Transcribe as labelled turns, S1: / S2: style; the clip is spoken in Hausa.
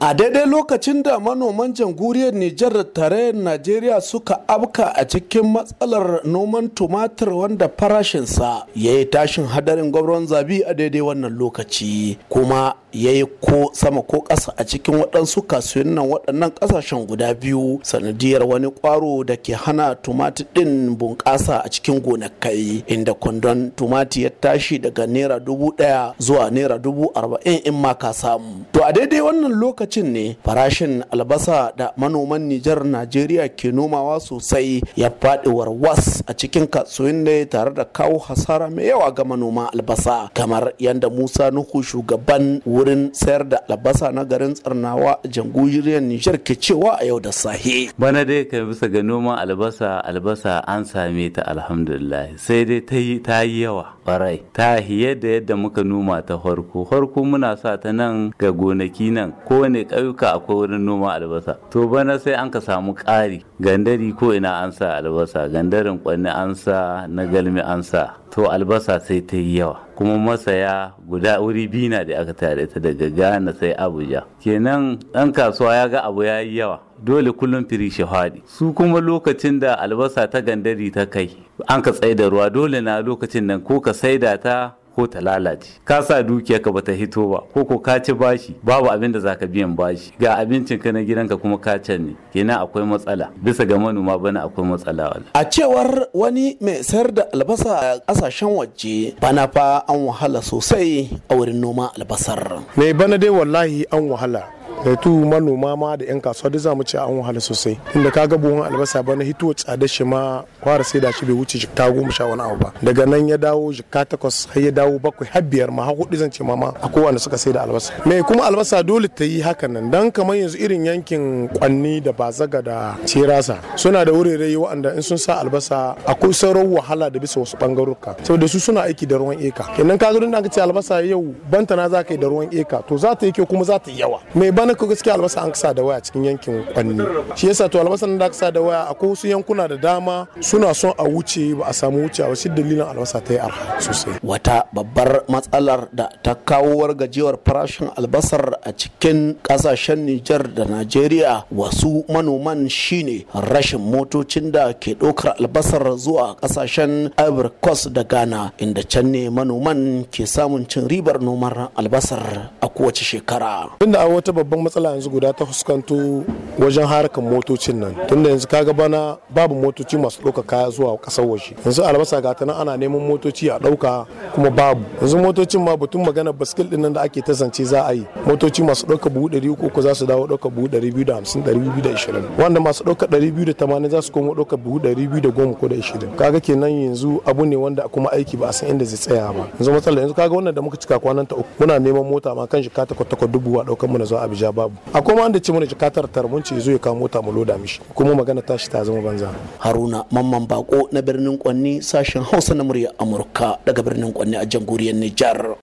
S1: A daidai lokacin da manoman jamhuriyar Nijar da tarayyar Najeriya suka abka a cikin matsalar noman tumatir wanda farashinsa ya yi tashin hadarin gwamnan zabi a daidai wannan lokaci kuma ya yi ko sama ko ƙasa a cikin waɗansu kasuwannin waɗannan ƙasashen guda biyu sanadiyar wani ƙwaro da ke hana tumatir ɗin bunƙasa a cikin gonakai inda kwandon tumatir ya tashi daga naira dubu ɗaya zuwa naira dubu arba'in in ma ka samu. To a daidai wannan lokaci lokacin ne farashin albasa da manoman Nijar Najeriya ke nomawa sosai ya faɗi warwas a cikin kasuwan ne tare da kawo hasara mai yawa ga manoma albasa kamar yadda Musa Nuhu shugaban wurin sayar da albasa na garin Tsarnawa a jamhuriyar Nijar ke cewa a yau da sahi.
S2: Bana dai ka bisa ga noman albasa albasa an same ta alhamdulillah sai dai ta yi yawa barai ta yadda yadda muka noma ta farko farko muna sa ta nan ga gonaki nan kowane ne ƙauyuka akwai wurin noma albasa to bana sai an ka samu ƙari gandari ko ina an sa albasa gandarin kwanne an sa na galmi an sa to albasa sai ta yi yawa kuma masaya guda wuri biyu na da aka tare ta daga Gana sai abuja kenan ɗan kasuwa ya ga abu ya yi yawa dole kullum firi shi faɗi su kuma lokacin da albasa ta gandari ta kai an ka tsaida ruwa dole na lokacin nan ko ka saida ta ko ta lalace ka sa dukiyar ka bata hito ba ko ko ka ci bashi babu abin da zaka biyan bashi ga abincin ka na gidanka kuma ka ne kenan akwai matsala bisa ga manoma bana akwai matsala wala
S1: a cewar wani mai sayar da albasa a kasashen waje bana fa an wahala sosai a wurin noma albasar
S3: mai bana dai wallahi an wahala Eh, tu manoma ma da 'yan kasuwa duk za mu ce an wahala sosai inda ka ga buhun albasa bana hito tsada shi ma fara sai da shi bai wuce jikta goma sha wani abu ba daga nan ya dawo jikka takwas har ya dawo bakwai har biyar ma har hudu zan ce ma ma a kowane suka sai da albasa me kuma albasa dole ta yi hakan nan dan kamar yanzu irin yankin kwanni da bazaga da cirasa suna da wurare wa'anda in sun sa albasa akwai sauran wahala da bisa wasu bangaruka saboda su suna aiki da ruwan eka kenan ka zo da ce albasa yau bantana za ka yi da ruwan eka to za ta yi kyau kuma za ta yi yawa mai anan ko gaskiya albasa an kasa da waya cikin yankin kwanni shi yasa to albasa da aka da waya akwai wasu yankuna da
S1: dama suna son a wuce ba a samu wuce ba shi dalilin albasa ta yi arha sosai wata babbar matsalar da ta kawo wargajewar farashin albasar a cikin kasashen Nijar da Najeriya wasu manoman shine rashin motocin da ke ɗaukar albasar zuwa kasashen Ivory Coast da Ghana inda can ne manoman ke samun cin ribar noman albasar a kowace shekara. Inda wata babban matsala
S3: yanzu guda ta fuskanto wajen harkan motocin nan tunda yanzu kaga bana babu motoci masu ɗauka kaya zuwa ƙasar waje yanzu albasa ga ta nan ana neman motoci a ɗauka kuma babu yanzu motocin ma batun magana baskil ɗin nan da ake tazance za a yi motoci masu ɗauka buhu ɗari uku ko za su dawo ɗauka buhu ɗari biyu da hamsin ɗari biyu da ishirin wanda masu ɗauka ɗari biyu da tamanin za su koma ɗauka buhu ɗari biyu da goma ko da ishirin kaga kenan yanzu abu ne wanda kuma aiki ba a san inda zai tsaya ba yanzu matsala yanzu kaga wannan da muka cika kwanan ta uku muna neman mota ma kan shi ka takwa takwa dubu a ɗaukar mu na zuwa abuja gaskiya babu akwai
S1: kuma wanda ci mana jika tar mun ce zo ya kawo mota mu loda mishi kuma magana tashi ta zama banza haruna mamman bako na birnin kwanni sashen hausa na murya amurka daga birnin kwanni a jamhuriyar nijar